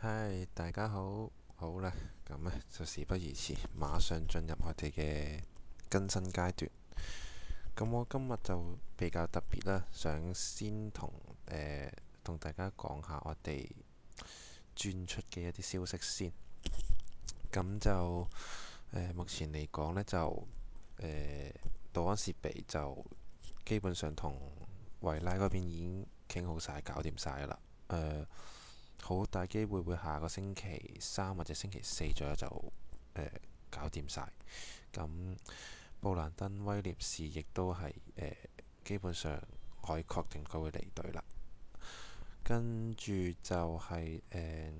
係，Hi, 大家好，好啦，咁咧就事不宜遲，馬上進入我哋嘅更新階段。咁我今日就比較特別啦，想先同誒、呃、同大家講下我哋轉出嘅一啲消息先。咁就誒、呃，目前嚟講咧，就誒、呃、導安設備就基本上同維拉嗰邊已經傾好晒、搞掂晒啦，誒、呃。好大機會會下個星期三或者星期四左右就、呃、搞掂晒。咁布蘭登威廉士亦都係、呃、基本上可以確定佢會離隊啦。跟住就係、是、誒、呃、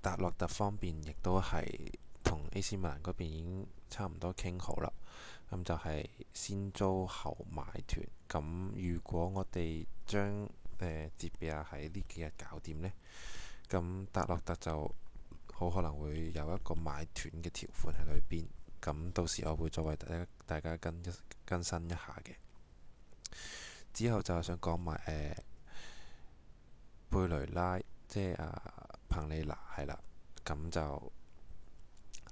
達洛特方面，亦都係同 AC 米蘭嗰邊已經差唔多傾好啦。咁就係先租後買團。咁如果我哋將誒捷、呃、比亞喺呢幾日搞掂呢？咁達洛特就好可能會有一個買斷嘅條款喺裏邊，咁到時我會再為大家大家更更新一下嘅。之後就係想講埋誒貝雷拉，即係啊彭利娜係啦，咁就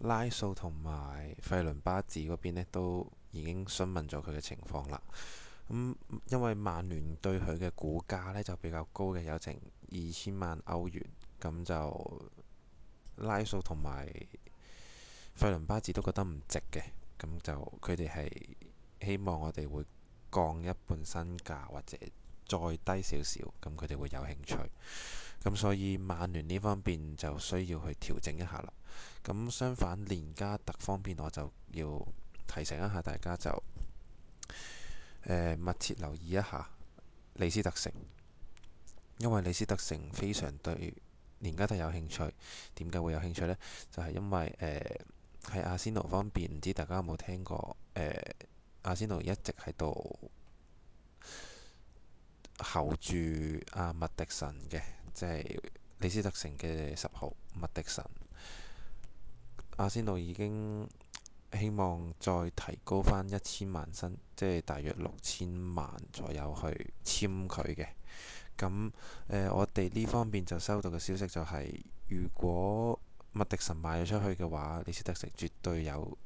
拉素同埋費倫巴治嗰邊咧，都已經詢問咗佢嘅情況啦。因為曼聯對佢嘅估價呢，就比較高嘅，有成二千萬歐元，咁就拉素同埋費倫巴治都覺得唔值嘅，咁就佢哋係希望我哋會降一半身價或者再低少少，咁佢哋會有興趣。咁所以曼聯呢方面就需要去調整一下啦。咁相反，連加特方面我就要提醒一下大家就。呃、密切留意一下李斯特城，因為李斯特城非常對連加得有興趣。點解會有興趣呢？就係、是、因為喺阿仙奴方面，唔知大家有冇聽過誒？阿仙奴一直喺度、啊、候住阿麥迪臣嘅，即係李斯特城嘅十號麥迪臣。阿仙奴已經希望再提高返一千萬薪，即係大約六千萬左右去簽佢嘅。咁、呃、我哋呢方面就收到嘅消息就係、是，如果麥迪臣賣咗出去嘅話，李斯特城絕對有、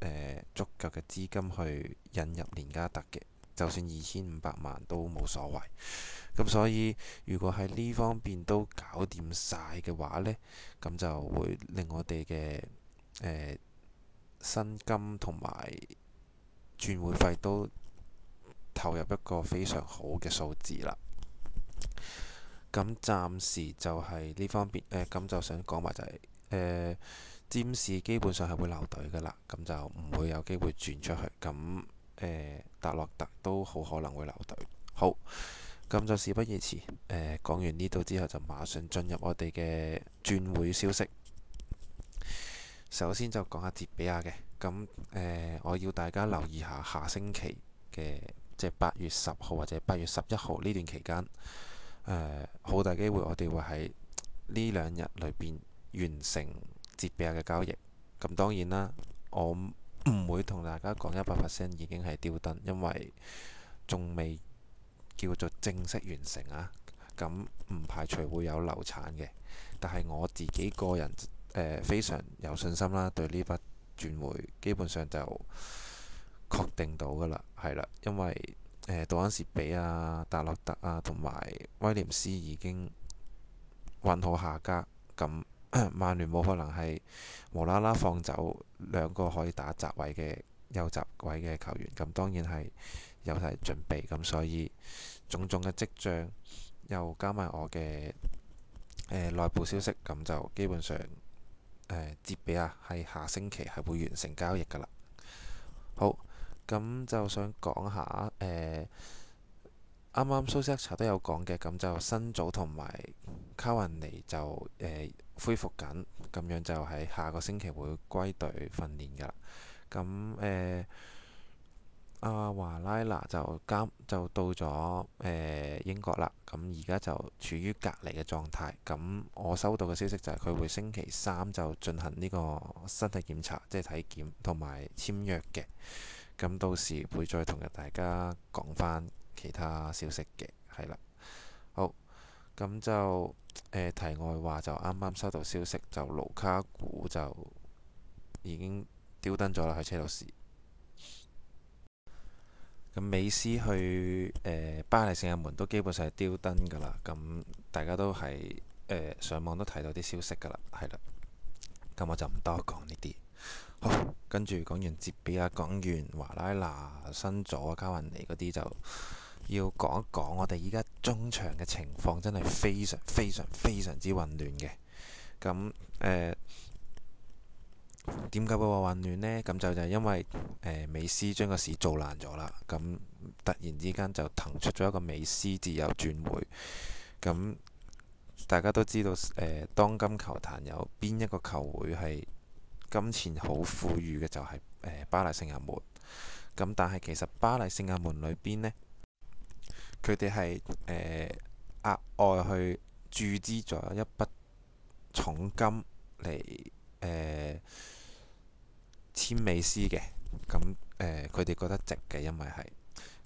呃、足夠嘅資金去引入連加特嘅。就算二千五百萬都冇所謂。咁所以，如果喺呢方面都搞掂晒嘅話呢，咁就會令我哋嘅薪金同埋轉會費都投入一個非常好嘅數字啦。咁暫時就係呢方面，誒、呃、咁就想講埋就係、是，誒詹士基本上係會留隊噶啦，咁就唔會有機會轉出去。咁誒、呃、達洛特都好可能會留隊。好，咁就事不宜遲，誒、呃、講完呢度之後就馬上進入我哋嘅轉會消息。首先就講下捷比亞嘅。咁誒，我要大家留意下下星期嘅，即係八月十號或者八月十一號呢段期間誒，好、呃、大機會我哋會喺呢兩日裏邊完成捷比亞嘅交易。咁當然啦，我唔會同大家講一百 percent 已經係吊燈，因為仲未叫做正式完成啊。咁唔排除會有流產嘅，但係我自己個人。誒、呃、非常有信心啦，對呢筆轉會基本上就確定到噶啦，係啦，因為誒杜、呃、安士比啊、達洛特啊同埋威廉斯已經搵好下家，咁、嗯、曼聯冇可能係無啦啦放走兩個可以打雜位嘅右閘位嘅球員，咁、嗯、當然係有晒準備，咁、嗯，所以種種嘅跡象又加埋我嘅誒、呃、內部消息，咁、嗯、就基本上。誒接、呃、比啊，係下星期係會完成交易㗎啦。好，咁就想講下誒，啱啱蘇斯查都有講嘅，咁就新組同埋卡雲尼就誒、呃、恢復緊，咁樣就係下個星期會歸隊訓練㗎啦。咁誒。呃阿華、啊、拉納就監就到咗誒、呃、英國啦，咁而家就處於隔離嘅狀態。咁我收到嘅消息就係佢會星期三就進行呢個身體檢查，即係體檢同埋簽約嘅。咁到時會再同大家講返其他消息嘅，係啦。好，咁就誒、呃、題外話，就啱啱收到消息，就盧卡古就已經丟登咗啦，喺車度試。咁美斯去誒、呃、巴黎聖日門都基本上係丟燈㗎啦。咁、嗯、大家都係誒、呃、上網都睇到啲消息㗎啦，係啦。咁、嗯、我就唔多講呢啲。好，跟住講完接比啊，講完華拉拿、新佐啊、卡雲尼嗰啲，就要講一講我哋依家中場嘅情況，真係非，非常非常非常之混亂嘅。咁、嗯、誒。呃點解會話混亂呢？咁就就係因為誒、呃、美斯將個市做爛咗啦，咁突然之間就騰出咗一個美斯自由轉會，咁大家都知道誒、呃，當今球壇有邊一個球會係金錢好富裕嘅，就係、是、誒、呃、巴黎聖日門。咁但係其實巴黎聖日門裏邊呢，佢哋係誒額外去注資咗一筆重金嚟，誒、呃，簽美斯嘅，咁誒佢哋覺得值嘅，因為係，咁、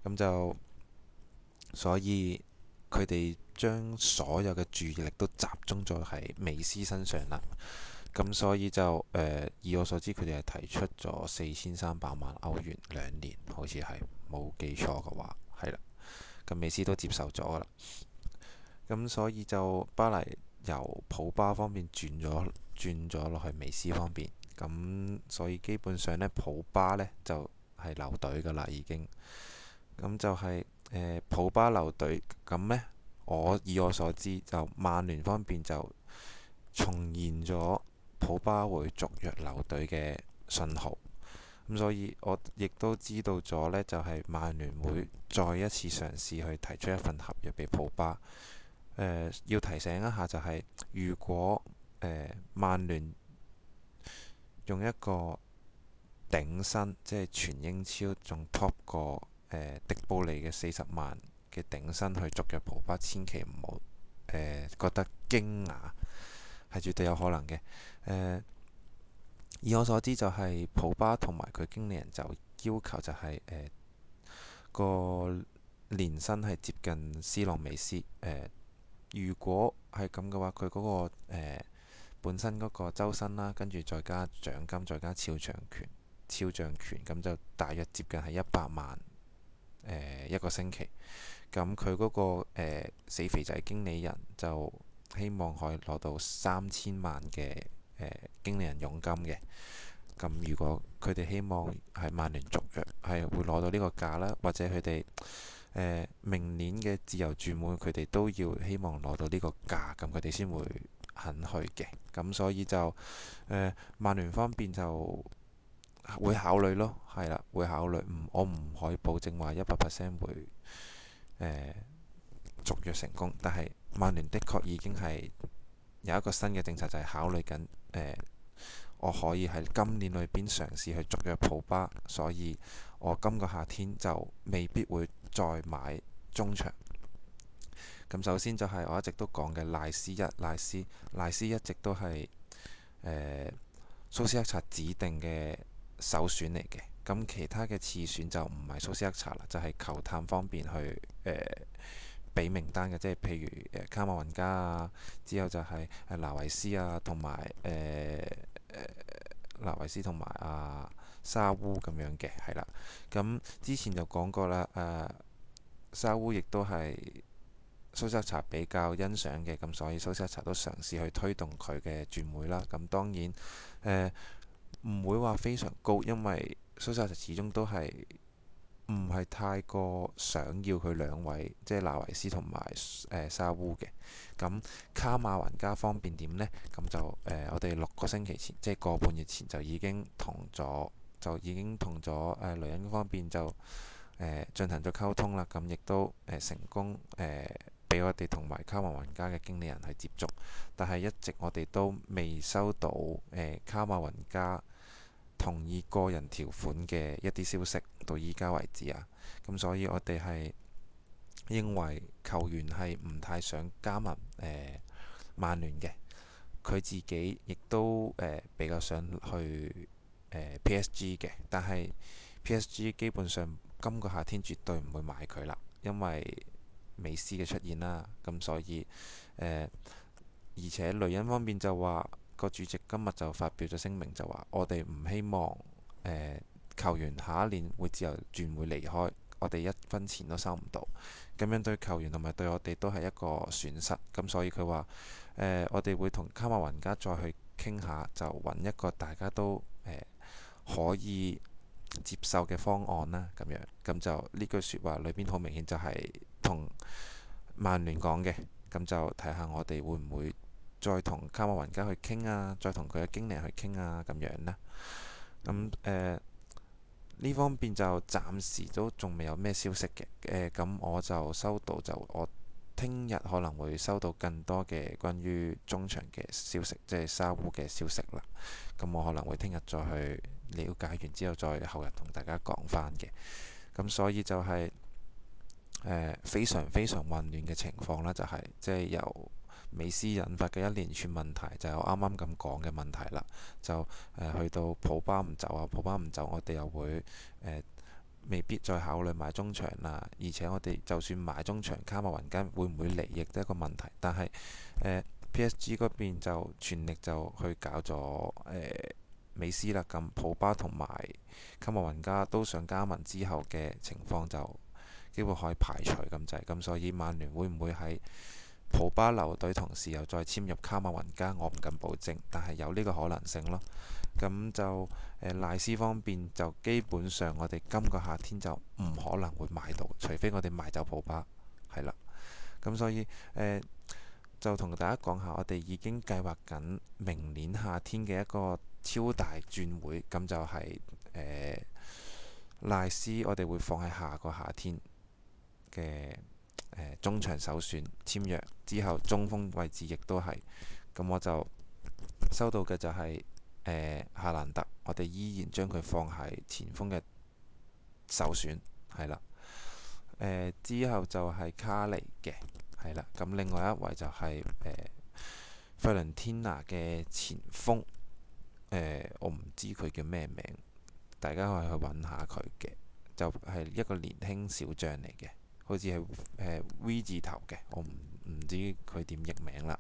嗯、就所以佢哋將所有嘅注意力都集中咗喺美斯身上啦。咁、嗯、所以就誒、呃，以我所知，佢哋係提出咗四千三百萬歐元兩年，好似係冇記錯嘅話，係啦。咁、嗯、美斯都接受咗啦。咁、嗯、所以就巴黎。由普巴方面轉咗轉咗落去美斯方面，咁所以基本上呢，普巴呢就係留隊噶啦，已經。咁就係、是、誒、呃，普巴留隊，咁呢，我以我所知就曼聯方面就重現咗普巴會續約留隊嘅信號。咁所以，我亦都知道咗呢，就係、是、曼聯會再一次嘗試去提出一份合約俾普巴。誒、呃、要提醒一下、就是，就係如果誒、呃、曼聯用一個頂薪，即係全英超仲 top 過誒、呃、迪布尼嘅四十萬嘅頂薪去續約普巴，千祈唔好誒覺得驚訝，係絕對有可能嘅。誒、呃、以我所知、就是，就係普巴同埋佢經理人就要求就係誒個年薪係接近斯洛美斯誒。呃如果係咁嘅話，佢嗰、那個、呃、本身嗰個周薪啦，跟住再加獎金，再加肖像權、肖像權，咁就大約接近係一百萬誒、呃、一個星期。咁佢嗰個、呃、死肥仔經理人就希望可以攞到三千萬嘅誒、呃、經理人佣金嘅。咁如果佢哋希望喺曼聯續約，係會攞到呢個價啦，或者佢哋。呃、明年嘅自由轉會，佢哋都要希望攞到呢個價，咁佢哋先會肯去嘅。咁所以就誒，呃、曼聯方面就會考慮咯，係啦，會考慮。唔，我唔可以保證話一百 percent 會誒、呃、續約成功，但係曼聯的確已經係有一個新嘅政策，就係、是、考慮緊我可以喺今年裏邊嘗試去續約普巴，所以我今個夏天就未必會再買中場。咁首先就係我一直都講嘅賴斯一賴斯賴斯一直都係誒、呃、蘇斯克查指定嘅首選嚟嘅。咁其他嘅次選就唔係蘇斯克查啦，就係、是、球探方面去誒俾、呃、名單嘅，即係譬如誒卡馬文加啊，之後就係誒拿維斯啊，同埋誒。呃誒納維斯同埋阿沙烏咁樣嘅，係啦。咁之前就講過啦，誒、呃、沙烏亦都係蘇浙茶比較欣賞嘅，咁所以蘇浙茶都嘗試去推動佢嘅轉會啦。咁當然誒唔、呃、會話非常高，因為蘇浙茶始終都係。唔係太過想要佢兩位，即係拿維斯同埋誒沙烏嘅。咁卡馬雲家方面點呢？咁就誒、呃，我哋六個星期前，即係個半月前就已經同咗，就已經同咗誒雷恩方面就誒、呃、進行咗溝通啦。咁亦都誒成功誒俾、呃、我哋同埋卡馬雲家嘅經理人去接觸，但係一直我哋都未收到誒、呃、卡馬雲家同意個人條款嘅一啲消息到依家為止啊，咁所以我哋係認為球員係唔太想加盟誒、呃、曼聯嘅，佢自己亦都誒、呃、比較想去、呃、PSG 嘅，但係 PSG 基本上今個夏天絕對唔會買佢啦，因為美斯嘅出現啦，咁所以誒、呃、而且雷恩方面就話。個主席今日就發表咗聲明，就話我哋唔希望誒、呃、球員下一年會自由轉會離開，我哋一分錢都收唔到，咁樣對球員同埋對我哋都係一個損失。咁所以佢話誒我哋會同卡馬雲加再去傾下，就搵一個大家都誒、呃、可以接受嘅方案啦。咁樣咁就呢句說話裏邊好明顯就係同曼聯講嘅，咁就睇下我哋會唔會再同卡馬雲家去傾啊，再同佢嘅經理去傾啊，咁樣啦。咁誒呢方面就暫時都仲未有咩消息嘅。誒、呃、咁我就收到就，就我聽日可能會收到更多嘅關於中場嘅消息，即係沙烏嘅消息啦。咁我可能會聽日再去了解完之後再後日同大家講翻嘅。咁所以就係、是、誒、呃、非常非常混亂嘅情況啦，就是，就係即係由。美斯引發嘅一連串問題，就係、是、我啱啱咁講嘅問題啦。就誒、呃、去到普巴唔走啊，普巴唔走，我哋又會誒、呃、未必再考慮買中場啦。而且我哋就算買中場，卡莫雲加會唔會離譯都一個問題。但係、呃、P.S.G. 嗰邊就全力就去搞咗誒、呃、美斯啦，咁普巴同埋卡莫雲加都想加盟之後嘅情況就幾乎可以排除咁滯。咁所以曼聯會唔會喺普巴留隊同時又再簽入卡馬雲加，我唔敢保證，但係有呢個可能性咯。咁就誒、呃、賴斯方面就基本上我哋今個夏天就唔可能會買到，除非我哋賣走普巴，係啦。咁所以誒、呃、就同大家講下，我哋已經計劃緊明年夏天嘅一個超大轉會，咁就係、是、誒、呃、賴斯，我哋會放喺下個夏天嘅。中場首選簽約之後，中鋒位置亦都係咁，我就收到嘅就係誒夏蘭特，我哋依然將佢放喺前鋒嘅首選，係啦、呃。之後就係卡尼嘅，係啦。咁另外一位就係誒費倫天拿嘅前鋒，呃、我唔知佢叫咩名，大家可以去揾下佢嘅，就係一個年輕小將嚟嘅。好似係誒 V 字頭嘅，我唔唔知佢點譯名啦。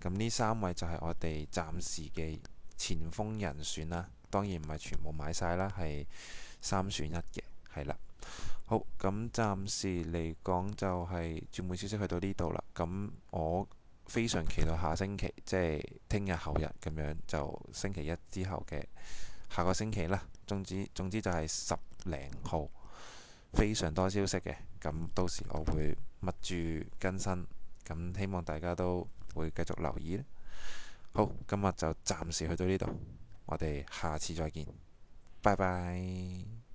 咁呢三位就係我哋暫時嘅前鋒人選啦。當然唔係全部買晒啦，係三選一嘅，係啦。好，咁暫時嚟講就係轉會消息去到呢度啦。咁我非常期待下星期，即係聽日後日咁樣，就星期一之後嘅下個星期啦。總之總之就係十零號。非常多消息嘅，咁到時我會密住更新，咁希望大家都會繼續留意。好，今日就暫時去到呢度，我哋下次再見，拜拜。